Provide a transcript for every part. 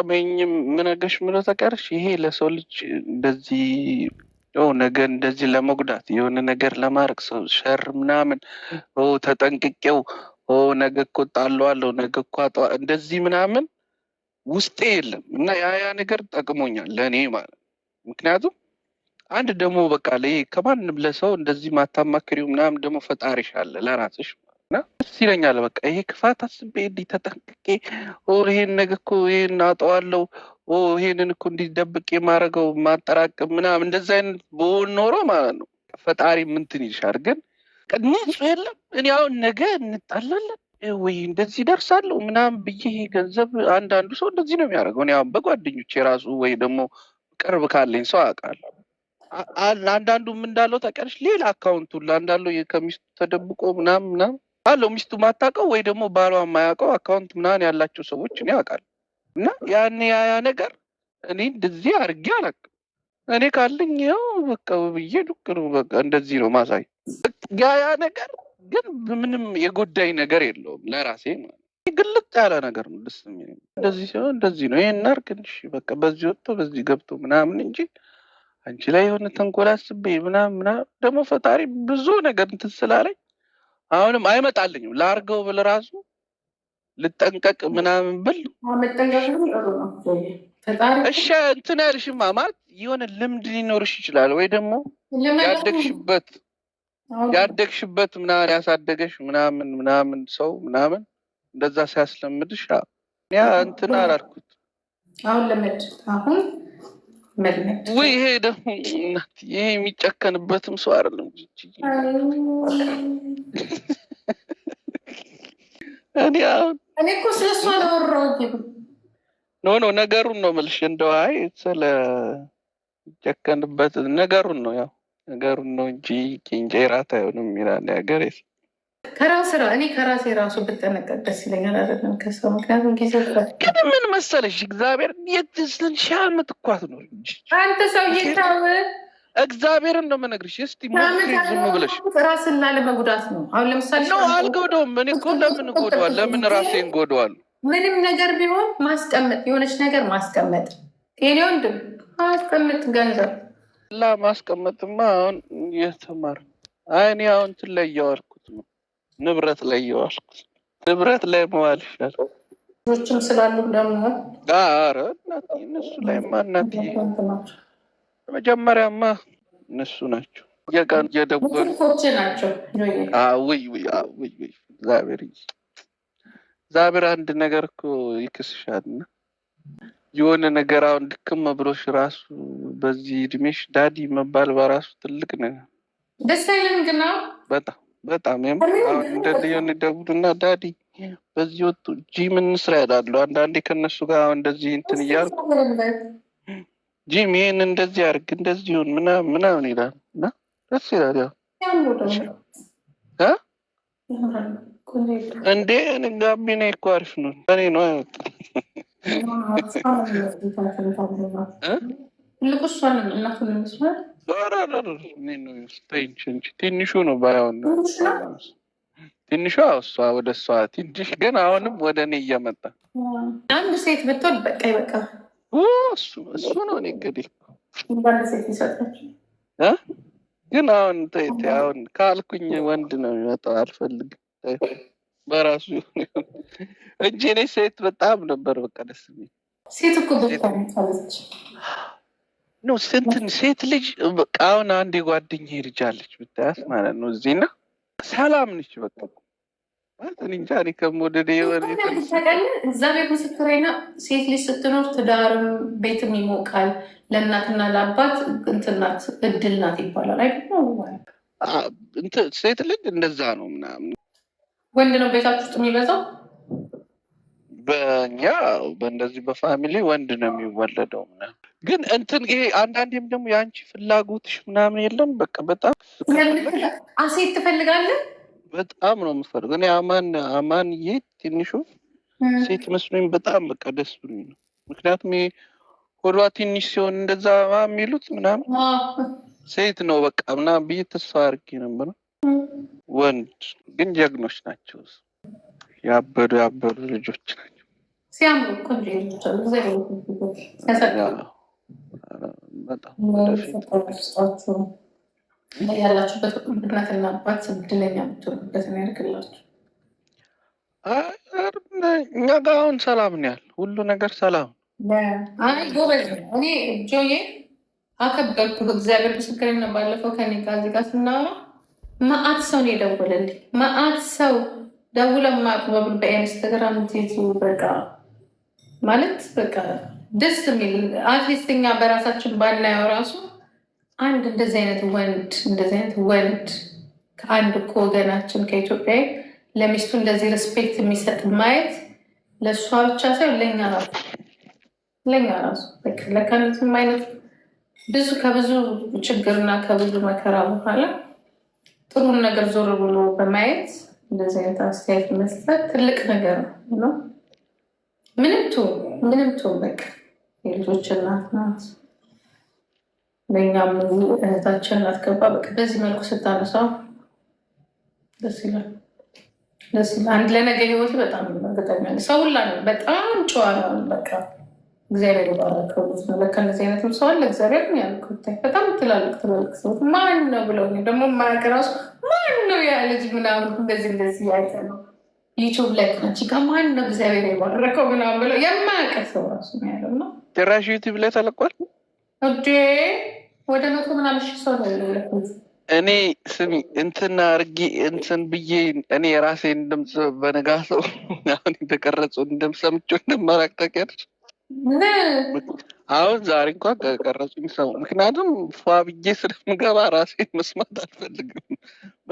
አልጠቀመኝ ምነገሽ ምነው ተቀርሽ። ይሄ ለሰው ልጅ እንደዚህ ነገ እንደዚህ ለመጉዳት የሆነ ነገር ለማድረግ ሰው ሸር ምናምን ተጠንቅቄው ነገ እኮ ጣለዋለሁ ነገ እኮ እንደዚህ ምናምን ውስጤ የለም እና ያ ያ ነገር ጠቅሞኛል ለእኔ ማለት ምክንያቱም አንድ ደግሞ በቃ ከማንም ለሰው እንደዚህ ማታማክሪው ምናምን ደግሞ ፈጣሪሽ አለ ለራስሽ እና ደስ ይለኛል። በቃ ይሄ ክፋት አስቤ እንዲህ ተጠንቅቄ ይሄን ነገ እኮ ይሄን አጠዋለው ይሄንን እኮ እንዲደብቅ የማደርገው ማጠራቅም ምናምን እንደዚ አይነት በሆን ኖሮ ማለት ነው ፈጣሪ ምንትን ይልሻል። ግን ንጹ የለም እኔ አሁን ነገ እንጣላለን ወይ እንደዚህ ደርሳለሁ ምናምን ብዬ ይሄ ገንዘብ አንዳንዱ ሰው እንደዚህ ነው የሚያደርገው። እኔ አሁን በጓደኞች የራሱ ወይ ደግሞ ቅርብ ካለኝ ሰው አውቃለሁ። አንዳንዱም እንዳለው ተቀርሽ ሌላ አካውንቱ ለአንዳንዱ ከሚስቱ ተደብቆ ምናምን ምናምን አለው ሚስቱ ማታውቀው ወይ ደግሞ ባሏ የማያውቀው አካውንት ምናምን ያላቸው ሰዎች እኔ አውቃለሁ። እና ያን ያያ ነገር እኔ እንደዚህ አድርጌ አላውቅም። እኔ ካለኝ ያው በቃ ብዬ ዱቅ ነው በቃ እንደዚህ ነው ማሳይ። ያያ ነገር ግን ምንም የጎዳኝ ነገር የለውም ለራሴ ማለት ግልጥ ያለ ነገር ነው። ደስ እንደዚህ ሲሆን እንደዚህ ነው ይሄን ናርክ በቃ በዚህ ወጥቶ በዚህ ገብቶ ምናምን እንጂ አንቺ ላይ የሆነ ተንኮል አስቤ ምናምን ምናምን ደግሞ ፈጣሪ ብዙ ነገር እንትን ስላለኝ አሁንም አይመጣልኝም ላርገው ብል ራሱ ልጠንቀቅ ምናምን ብል እሺ እንትን ያልሽማ ማለት የሆነ ልምድ ሊኖርሽ ይችላል ወይ ደግሞ ያደግሽበት ያደግሽበት ምናምን ያሳደገሽ ምናምን ምናምን ሰው ምናምን እንደዛ ሲያስለምድሽ ያ እንትን አላልኩት አሁን ልምድ አሁን ወይ ይሄ ደግሞ ይሄ የሚጨከንበትም ሰው አይደለም። እኔ አሁን እኔ እኮ አላወራሁም። ኖ ኖ ነገሩን ነው የምልሽ። እንደው አይ ስለ ጨከንበት ነገሩን ነው ያው ነገሩን ነው እንጂ እንጀራ አይሆንም ይላል የሀገሬ ሰው ከራስ እኔ ከራሴ ራሱ ብጠነቀቅ ደስ ይለኛል። አይደለም ከሰው ምክንያቱም ጊዜ ግን ምን መሰለሽ እግዚአብሔር የትስን ሻል ምትኳት ነው እንጂ አንተ ሰው እየታወ እግዚአብሔርን ነው የምነግርሽ። እስቲ ዝም ብለሽ ራስና ለመጉዳት ነው። አሁን ለምሳሌ ነው አልጎዳውም። እኔ እኮ ለምን ጎደዋል? ለምን ራሴን ጎደዋል? ምንም ነገር ቢሆን ማስቀመጥ፣ የሆነች ነገር ማስቀመጥ፣ የኔ ወንድም ማስቀመጥ፣ ገንዘብ ላ ማስቀመጥማ አሁን የተማር አይኔ አሁን ትለየዋል ንብረት ላይ እየዋል ንብረት ላይ መዋል ይሻል። ልጆችም ስላሉ ደግሞ ኧረ ላይ እነሱ ላይማ መጀመሪያማ እነሱ ናቸው የቀን እየደወሉ ናቸው። ውይ ውይ እግዚአብሔር እግዚአብሔር አንድ ነገር እኮ ይክስሻልና የሆነ ነገር አሁን ድክም ብሎሽ ራሱ በዚህ እድሜሽ ዳዲ መባል በራሱ ትልቅ ነገር ደስ አይልም። ግና በጣም በጣም እንደዚህ አሁን እንደ ሊዮን ዳዲ በዚህ ወጡ ጂም እንስራ ይላሉ። አንዳንዴ ከነሱ ጋር እንደዚህ እንትን እያልኩ ጂም ይህን እንደዚህ አድርግ እንደዚህ ይሁን ምናምን ምናምን ይላል እና ደስ ይላል። ያው እንዴ ጋቢና እኮ አሪፍ ነው። በኔ ነው አይወጣም ትልቁ እናቱን ይመስላል ትንሹ ነው ባይሆን ትንሹ እሷ ወደ እሷ ትንሽ ግን አሁንም ወደ እኔ እየመጣ አንድ ሴት ብትወልድ በቃ ይበቃ። እሱ ነው እንግዲህ ግን አሁን አሁን ካልኩኝ ወንድ ነው የሚመጣው። አልፈልግም በራሱ እንጂ እኔ ሴት በጣም ነበር በቃ ደስ ሴት እኮ ነው ስንትን ሴት ልጅ በቃ አሁን አንድ የጓደኛ ሄድጃለች ብታያስ ማለት ነው እዚህና ሰላም ነች። በቃ እንጃ እኔ ከምወደደ የሆነ እዛ ቤት ምስክር አይና ሴት ልጅ ስትኖር ትዳርም ቤትም ይሞቃል። ለእናትና ለአባት እንትናት እድል ናት ይባላል። አይ ሴት ልጅ እንደዛ ነው ምናምን። ወንድ ነው ቤታችሁ ውስጥ የሚበዛው በእኛ በእንደዚህ በፋሚሊ ወንድ ነው የሚወለደው ግን እንትን ይሄ አንዳንዴም ደግሞ የአንቺ ፍላጎትሽ ምናምን የለም። በቃ በጣም አሴት ትፈልጋለህ። በጣም ነው የምፈልገው እኔ አማን አማን ይሄ ትንሹ ሴት መስሎኝ በጣም በቃ ደስ ብሎኝ ነው። ምክንያቱም ይሄ ሆዷ ትንሽ ሲሆን እንደዛ የሚሉት ምናምን ሴት ነው በቃ ምናምን ብዬ ተስፋ አድርጌ ነበር። ወንድ ግን ጀግኖች ናቸው። ያበዱ ያበዱ ልጆች ናቸው። ሲያምሩ ቆንጆ ያላችሁበት እናትና አባት እድለኛ ምትሆኑበት ያደርግላችሁ። እኛ አሁን ሰላም ነው ያለ ሁሉ ነገር ሰላም። አይ ጎበዝ እኔ ጆዬ አከበርኩ እግዚአብሔር ምስክሬን ነው። ባለፈው ከኔ ጋር እዚህ ጋር ስናወራ መአት ሰው ነው የደወለልኝ። መአት ሰው ደውለው ማቅበብል በኢንስታግራም ቴቲ በቃ ማለት በቃ ደስ የሚል አትሊስት እኛ በራሳችን ባናየው ራሱ አንድ እንደዚህ አይነት ወንድ እንደዚህ አይነት ወንድ ከአንድ እኮ ወገናችን ከኢትዮጵያ ለሚስቱ እንደዚህ ሪስፔክት የሚሰጥ ማየት ለእሷ ብቻ ሳይሆን ለኛ ራሱ ለኛ ራሱ ለከነትም አይነት ብዙ ከብዙ ችግርና ከብዙ መከራ በኋላ ጥሩን ነገር ዞር ብሎ በማየት እንደዚህ አይነት አስተያየት መስጠት ትልቅ ነገር ነው። ምንም ቶ ምንም ቶ በቃ የልጆች እናት ናት። ለእኛም እህታችን አትገባ። በቃ በዚህ መልኩ ስታነሳው ደስ ይላል። ደስ ይላል። አንድ ለነገ ህይወት በጣም እርግጠኛ ሰው ሁላ በጣም ጨዋ ነው። በቃ እግዚአብሔር ባረከቡት ነው። ለካ እንደዚህ አይነትም ሰው አለ። እግዚአብሔር ያልኩት በጣም ትላልቅ ትላልቅ ሰዎች ማን ነው ብለው ደግሞ የማያውቅ ራሱ ማን ነው ያ ልጅ ምናምን እንደዚህ እንደዚህ ያይተ ነው ዩቱብ ላይ ነች ማን ነው እግዚአብሔር የባረከው ምናምን ብለው የማያውቅ ሰው ራሱ ነው ያለው። ነው ጭራሽ ዩቱብ ላይ ተለቋል። እዴ ወደ መቶ ምናምን ሺህ ሰው ነው ያለው። እኔ ስሚ እንትን አርጊ እንትን ብዬ እኔ የራሴን ድምፅ በነጋሰው አሁን የተቀረጹን ድምፅ ሰምቼ እንደማራቅ ታውቂያለሽ አሁን ዛሬ እንኳን ከቀረጹኝ ሰው ምክንያቱም ፏ ብዬ ስለምገባ ራሴን መስማት አልፈልግም።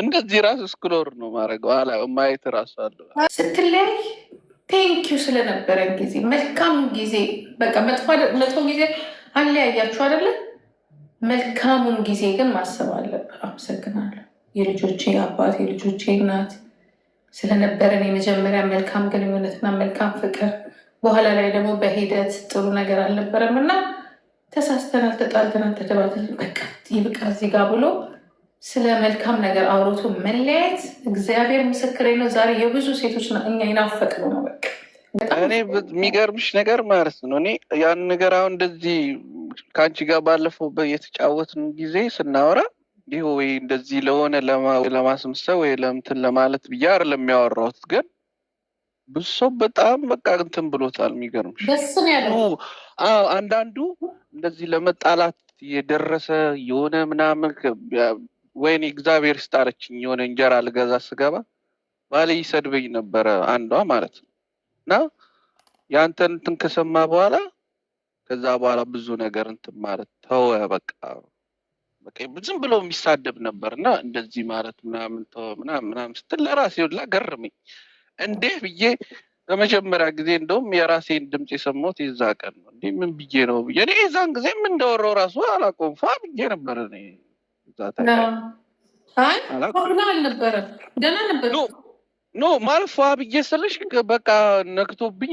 እንደዚህ ራሱ ስክሎር ነው ማድረገው አላ ማየት ራሱ አለ ስትለያይ ቴንኪዩ ስለነበረ ጊዜ መልካም ጊዜ በቃ መጥፎ ጊዜ አለያያችሁ አይደለ? መልካሙን ጊዜ ግን ማሰብ አለብህ። አመሰግናለሁ የልጆቼ አባት የልጆቼ እናት ስለነበረን የመጀመሪያ መልካም ግንኙነትና መልካም ፍቅር በኋላ ላይ ደግሞ በሂደት ጥሩ ነገር አልነበረም እና ተሳስተናል፣ ተጣልተናል፣ ተደባተል በቃ ይብቃ እዚህ ጋር ብሎ ስለ መልካም ነገር አውርቶ መለያየት እግዚአብሔር ምስክሬ ነው። ዛሬ የብዙ ሴቶች እኛ ይናፈቅ ነው ነው በቃ እኔ የሚገርምሽ ነገር ማለት ነው እኔ ያን ነገር አሁን እንደዚህ ከአንቺ ጋር ባለፈው የተጫወትን ጊዜ ስናወራ ይህ ወይ እንደዚህ ለሆነ ለማስምሰብ ወይ ለምትን ለማለት ብዬ አይደለም የሚያወራሁት ግን ብዙ ሰው በጣም በቃ እንትን ብሎታል። የሚገርምሽ አንዳንዱ እንደዚህ ለመጣላት የደረሰ የሆነ ምናምን ወይኔ እግዚአብሔር ስጣረችኝ የሆነ እንጀራ ልገዛ ስገባ ባሌ ይሰድበኝ ነበረ አንዷ ማለት ነው። እና የአንተን እንትን ከሰማ በኋላ ከዛ በኋላ ብዙ ነገር እንትን ማለት ተወ። በቃ በቃ ዝም ብሎ የሚሳደብ ነበር እና እንደዚህ ማለት ምናምን ተወ ምናምን ምናምን ስትል ለራሴ ሁላ ገረመኝ። እንዴ ብዬ ለመጀመሪያ ጊዜ እንደውም የራሴን ድምፅ የሰማሁት የዛ ቀን ነው። እንዲህ ምን ብዬ ነው ብዬ እኔ የዛን ጊዜ ምን እንደወረው ራሱ አላቆም ፋ ብዬ ነበር። አልነበረም ደህና ኖ ማለት ፏ ብዬ ስልሽ በቃ ነክቶብኝ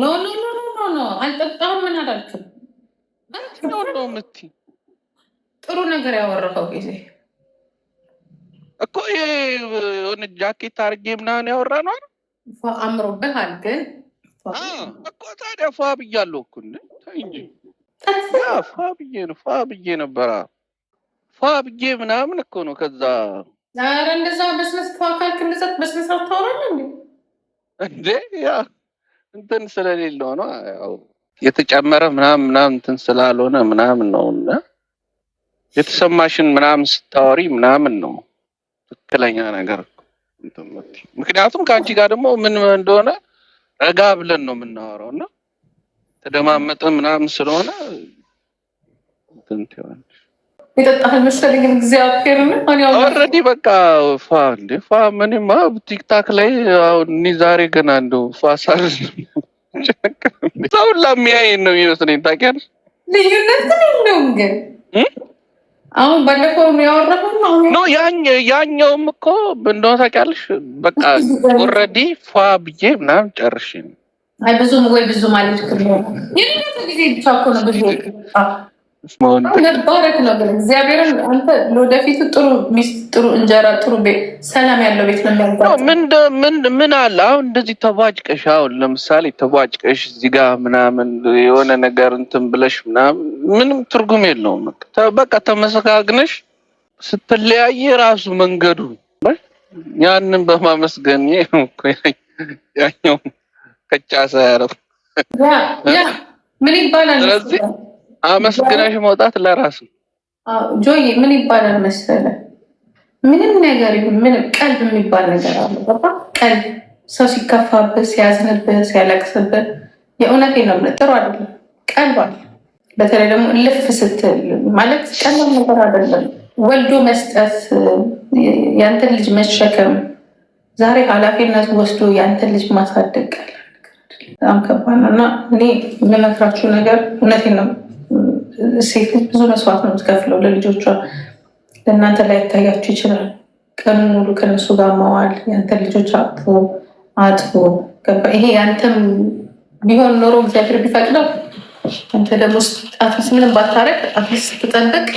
ኖ ኖ ኖ ኖ ኖ አልጠጣሁም። ምን አላልኩም ነው የምትይ ጥሩ ነገር ያወረፈው ጊዜ እኮ ሆነ ጃኬት አርጌ ምናምን ያወራ ነው አምሮብሃል ግን እኮ ታዲያ ፏ ብያለሁ እኮ እንጂ ፏ ብዬ ነው ፏ ብዬ ነበረ ፏ ብዬ ምናምን እኮ ነው። ከዛ ኧረ እንደዛ በስነስ ተዋካል ክምዘት በስነስ ታወራለ እንዴ እንዴ ያ እንትን ስለሌለው ነው ያው የተጨመረ ምናምን ምናምን እንትን ስላልሆነ ምናምን ነው እና የተሰማሽን ምናምን ስታወሪ ምናምን ነው ትክክለኛ ነገር ምክንያቱም ከአንቺ ጋር ደግሞ ምን እንደሆነ ረጋ ብለን ነው የምናወራው እና ተደማመጠ ምናምን ስለሆነ የጠጣህን መሰለኝም እግዚአብሔር ኦልሬዲ በቃ ፋ እንደ ፋ ምንማ ቲክታክ ላይ አሁን ዛሬ ገና እንደ ፋ ሳል ሰው ሁላ ነው የሚመስለኝ ታውቂያለሽ ልዩነት ነው ግን አሁን ባለፈው ያወራሁት ነው። ያኛውም እኮ እንደሆነ ታውቂያለሽ። በቃ ኦልሬዲ ፏ ብዬ ምናምን ጨርሽ። አይ ብዙም ወይ ብዙ ማለት ጊዜ ብቻ እኮ ነው ብዙ መባረክ ነው። ግን እግዚአብሔርን አንተ ለወደፊቱ ጥሩ ሚስት፣ ጥሩ እንጀራ፣ ጥሩ ሰላም ያለው ቤት ነው ምን አለ አሁን እንደዚህ ተቧጭቀሽ፣ አሁን ለምሳሌ ተቧጭቀሽ እዚህ ጋር ምናምን የሆነ ነገር እንትን ብለሽ ምናምን ምንም ትርጉም የለውም። በቃ ተመሰጋግነሽ ስትለያየ ራሱ መንገዱ ያንን በማመስገን ያኛው ከጫሰ ያረፍ ምን ይባላል። አመስግናሽ መውጣት ለራሱ ጆዬ ምን ይባላል መሰለ፣ ምንም ነገር ይሁን ምንም ቀልብ የሚባል ነገር አለ። ቀልብ ሰው ሲከፋበት፣ ሲያዝንበት፣ ሲያለቅስበት የእውነቴ ነው ጥሩ አይደለም። ቀልብ አለ። በተለይ ደግሞ ልፍ ስትል ማለት ቀልብ ነገር አይደለም። ወልዶ መስጠት፣ ያንተን ልጅ መሸከም፣ ዛሬ ኃላፊነት ወስዶ ያንተን ልጅ ማሳደግ ቀላል ነገር አይደለም። በጣም ከባድ ነው እና እኔ የምመክራችሁ ነገር እውነቴ ነው ሴት ልጅ ብዙ መስዋዕት ነው የምትከፍለው ለልጆቿ። ለእናንተ ላይ ይታያችሁ ይችላል። ቀኑን ሙሉ ከነሱ ጋር መዋል፣ ያንተ ልጆች አጥቦ አጥቦ ገባ። ይሄ ያንተም ቢሆን ኖሮ እግዚአብሔር ቢፈቅደው አንተ ደግሞ ጣትስ ምንም ባታረግ አትሊስት ስትጠብቅ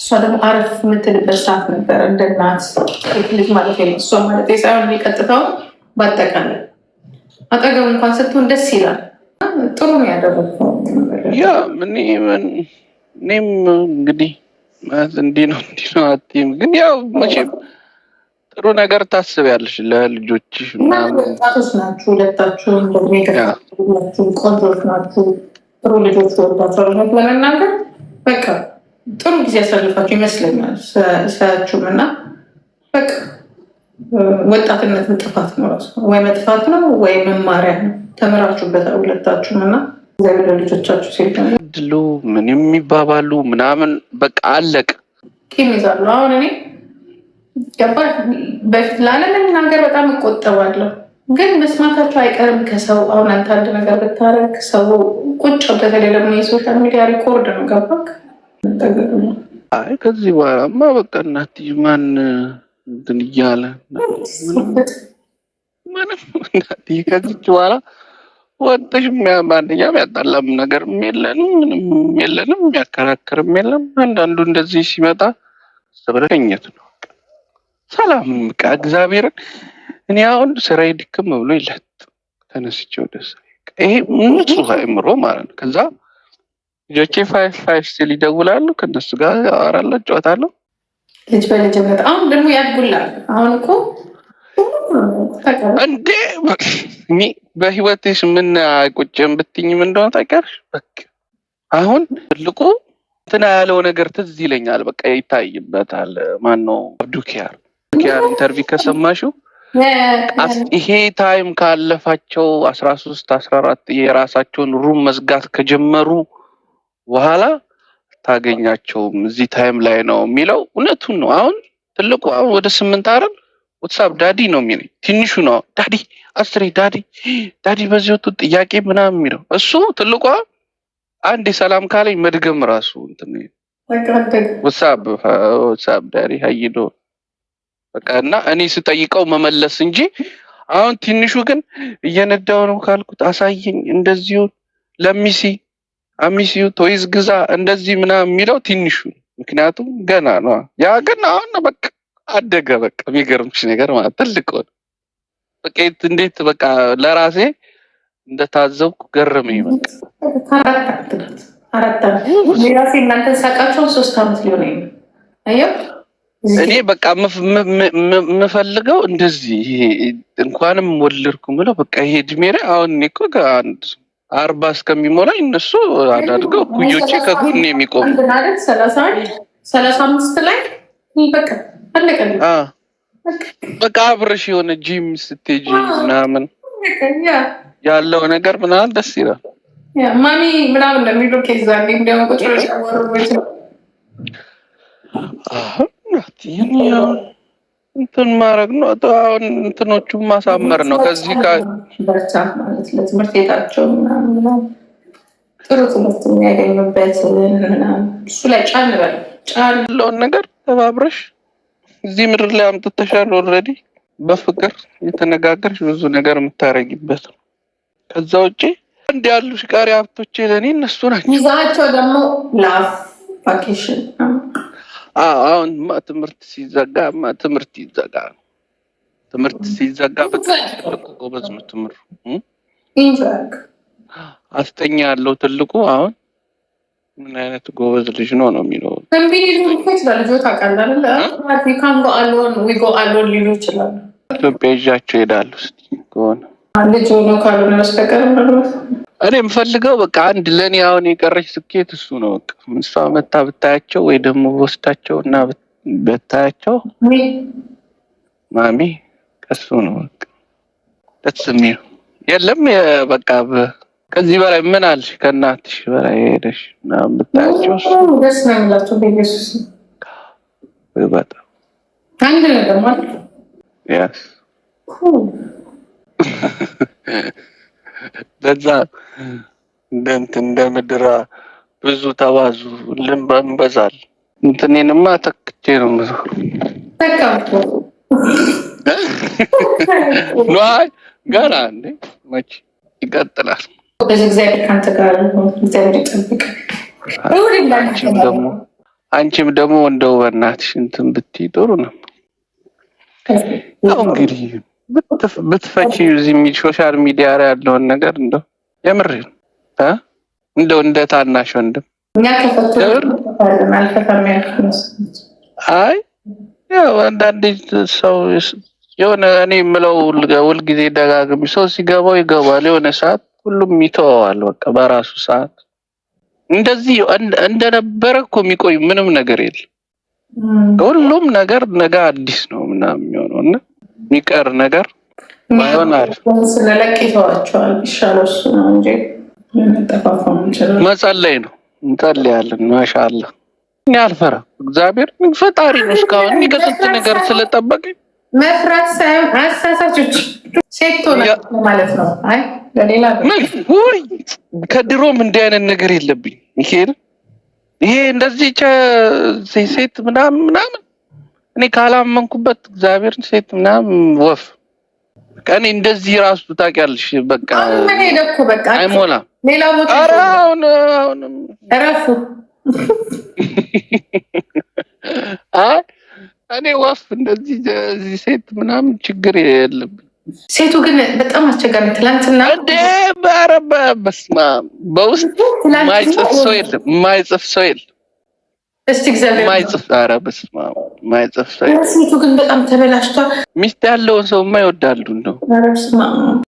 እሷ ደግሞ አረፍ የምትልበት ሰዓት ነበር። እንደ እናት ሴት ልጅ ማለት እሷ ማለት ሳይሆን የሚቀጥተውን በአጠቃላይ አጠገቡ እንኳን ስትሆን ደስ ይላል። ጥሩ ነው ያ እኔም እንግዲህ እንዲህ ነው እንዲህ ነው አትይም፣ ግን ያው መቼም ጥሩ ነገር ታስቢያለሽ ለልጆችሽ። ወጣቶች ናችሁ ሁለታችሁ፣ ቆንጆች ናችሁ፣ ጥሩ ልጆች ወልዳችሁ ለመናገር በቃ ጥሩ ጊዜ ያሳልፋችሁ ይመስለኛል ሳያችሁም እና በቃ ወጣትነትን ጥፋት ነው ራሱ ወይ መጥፋት ነው ወይ መማሪያ ነው ተምራችሁበታል ሁለታችሁም እና እግዚአብሔር ለልጆቻችሁ ሲል ምን የሚባባሉ ምናምን በቃ አለቅ ቂም ይዛሉ። አሁን እኔ ገባ በፊት ላለመናገር በጣም እቆጠባለሁ፣ ግን መስማታቸው አይቀርም ከሰው አሁን አንተ አንድ ነገር ብታረግ ሰው ቁጭ በተለይ ደግሞ የሶሻል ሚዲያ ሪኮርድ ነው ገባክ። አይ ከዚህ በኋላማ በቃ እናትዬ ማን እንትን እያለ ማለት ከዚች በኋላ ወጥሽ ማንኛውም ያጣላም ነገር የለንም፣ ምንም የለንም፣ የሚያከራክርም የለም። አንዳንዱ እንደዚህ ሲመጣ ስብረኝነት ነው። ሰላም በቃ እግዚአብሔርን እኔ አሁን ስራዬ ድክም ብሎ ይለት ተነስቼ ወደ ይሄ ንጹህ አእምሮ ማለት ነው። ከዛ ልጆቼ ፋይፍ ፋይፍ ሲል ይደውላሉ። ከነሱ ጋር አወራለሁ፣ ጨዋታለሁ። ልጅ በልጅ በጣም ደግሞ ያድጉላል። አሁን እኮ እንዴ እኔ በህይወትሽ ምን ብትኝም እንደሆነ ታውቂያለሽ። በቃ አሁን ትልቁ እንትና ያለው ነገር ትዝ ይለኛል። በቃ ይታይበታል። ነው ዱኪያር ዱኪያር ኢንተርቪው ከሰማሽው ይሄ ታይም ካለፋቸው አስራ ሶስት አስራ አራት የራሳቸውን ሩም መዝጋት ከጀመሩ በኋላ ታገኛቸውም እዚህ ታይም ላይ ነው የሚለው እውነቱን ነው። አሁን ትልቁ አሁን ወደ ስምንት አረብ ወትሳፕ ዳዲ ነው የሚለኝ ትንሹ ነው ዳዲ አስሬ ዳዲ ዳዲ በዚህ ወጡ ጥያቄ ምናምን የሚለው እሱ ትልቋ አንድ የሰላም ካለኝ መድገም ራሱ ወትሳፕ ዳዲ ሀይዶ በቃ እና እኔ ስጠይቀው መመለስ እንጂ አሁን ትንሹ ግን እየነዳው ነው ካልኩት አሳየኝ እንደዚሁ ለሚሲ አሚሲዩ ቶይዝ ግዛ እንደዚህ ምናምን የሚለው ትንሹ ምክንያቱም ገና ነው ያ ግን አሁን በቃ አደገ። በቃ የሚገርምሽ ነገር ማለት ትልቅ ሆነ። በቃ እንዴት በቃ ለራሴ እንደታዘብኩ ገረመኝ። በቃ እናንተ እኔ በቃ የምፈልገው እንደዚህ እንኳንም ወለድኩ ምለው በቃ ይሄ እድሜ ላይ አሁን እኔ እኮ አንድ አርባ እስከሚሞላኝ እነሱ አዳድገው ጉዮቼ ከጎን የሚቆሙ ሰላሳ አምስት ላይ በቃ በቃ አብረሽ የሆነ ጂም ስትሄጂ ምናምን ያለው ነገር ምናምን ደስ ይላል። ማሚ ምናምን እንዲያውም ቁጭ ብለሽ እንትን ማድረግ ነው። አሁን እንትኖቹን ማሳመር ነው። ከዚህ ቤታቸው ጥሩ ትምህርት የሚያገኙበት እሱ ላይ ጫን በል ጫን ያለውን ነገር ተባብረሽ እዚህ ምድር ላይ አምጥተሻል። ኦልሬዲ በፍቅር የተነጋገርሽ ብዙ ነገር የምታረጊበት ነው። ከዛ ውጭ እንዲ ያሉ ሽቃሪ ሀብቶቼ ለእኔ እነሱ ናቸው። ይዛቸው ደግሞ ላፍ ቫኬሽን። አሁን ትምህርት ሲዘጋ ትምህርት ይዘጋ ትምህርት ሲዘጋ በጎበዝ ነው ትምህር አስጠኛ ያለው ትልቁ አሁን ምን አይነት ጎበዝ ልጅ ነው ነው የሚለው ከንቢል ይችላል። ካንጎ ዊጎ ሊሉ ይችላሉ። ኢትዮጵያ ይዣቸው ይሄዳሉ ከሆነ ልጅ ሆኖ ካልሆነ በስተቀር እኔ የምፈልገው በቃ አንድ ለእኔ አሁን የቀረች ስኬት እሱ ነው። በቃ ምሳ መታ ብታያቸው ወይ ደግሞ በወስዳቸው እና ብታያቸው ማሚ ከሱ ነው በቃ ደስ የለም በቃ ከዚህ በላይ ምን አልሽ? ከእናትሽ በላይ ሄደሽ ምናምን ብታያቸው ደስ ነው የሚላቸው። በኢየሱስ በጣም አንድ ነገር ማለት ያስ ለዛ እንደ እንትን እንደ ምድራ ብዙ ተባዙ ልንበንበዛል። እንትኔንማ ተክቼ ነው ብዙ ተካፍቶ ገና እንዴ መቼ ይቀጥላል። እግዚአብሔር ከአንተ ጋር እግዚአብሔር ይጠብቅ። አንቺም ደግሞ እንደው በእናትሽ እንትን ብትይ ጥሩ ነው። ያው እንግዲህ ብትፈቺ እዚህ ሶሻል ሚዲያ ላይ ያለውን ነገር እንደው የምር እንደው እንደ ታናሽ ወንድም አይ ያው አንዳንዴ ሰው የሆነ እኔ የምለው ሁልጊዜ ደጋግሚ ሰው ሲገባው ይገባል የሆነ ሰዓት ሁሉም ይተወዋል። በቃ በራሱ ሰዓት እንደዚህ እንደነበረ እኮ የሚቆይ ምንም ነገር የለም። ሁሉም ነገር ነገ አዲስ ነው ምናምን የሚሆነው እና የሚቀር ነገር ባይሆን አሪፍ። ስለለቅ ይተዋቸዋል ይሻለው እሱ ነው እንጂ መጸለይ ነው። እንጸልያለን። ማሻአላህ እኔ አልፈራም። እግዚአብሔር ፈጣሪ ነው። እስካሁን የሚገጥጥ ነገር ስለጠበቀኝ መፍራት ሳይሆን አሳሳቾች ሴቶ ማለት ነው። አይ ለሌላ ከድሮም እንዲህ አይነት ነገር የለብኝ። ሚካኤል ይሄ እንደዚህ ሴት ምናምን ምናምን እኔ ካላመንኩበት እግዚአብሔር ሴት ምናምን ወፍ እንደዚህ ራሱ ታውቂያለሽ። በቃ አይሞላም። ሌላ ቦታ አሁን አሁን እረፉ። አይ እኔ ወፍ እንደዚህ እዚህ ሴት ምናምን ችግር የለብኝ። ሴቱ ግን በጣም አስቸጋሪ። ትላንትና በስማ በውስጥ ማይጽፍ ሰው የለም፣ ማይጽፍ ሰው የለም። እስቲ እግዚአብሔር ማይጽፍ ማይጽፍ ሰው የለም። ሴቱ ግን በጣም ተበላሽቷል። ሚስት ያለውን ሰው ማ ይወዳሉ እንደው